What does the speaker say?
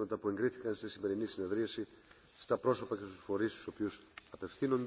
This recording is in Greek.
ζητήματα που εγκρίθηκαν στη σημερινή συνεδρίαση στα πρόσωπα και στους φορείς στους οποίους απευθύνονται.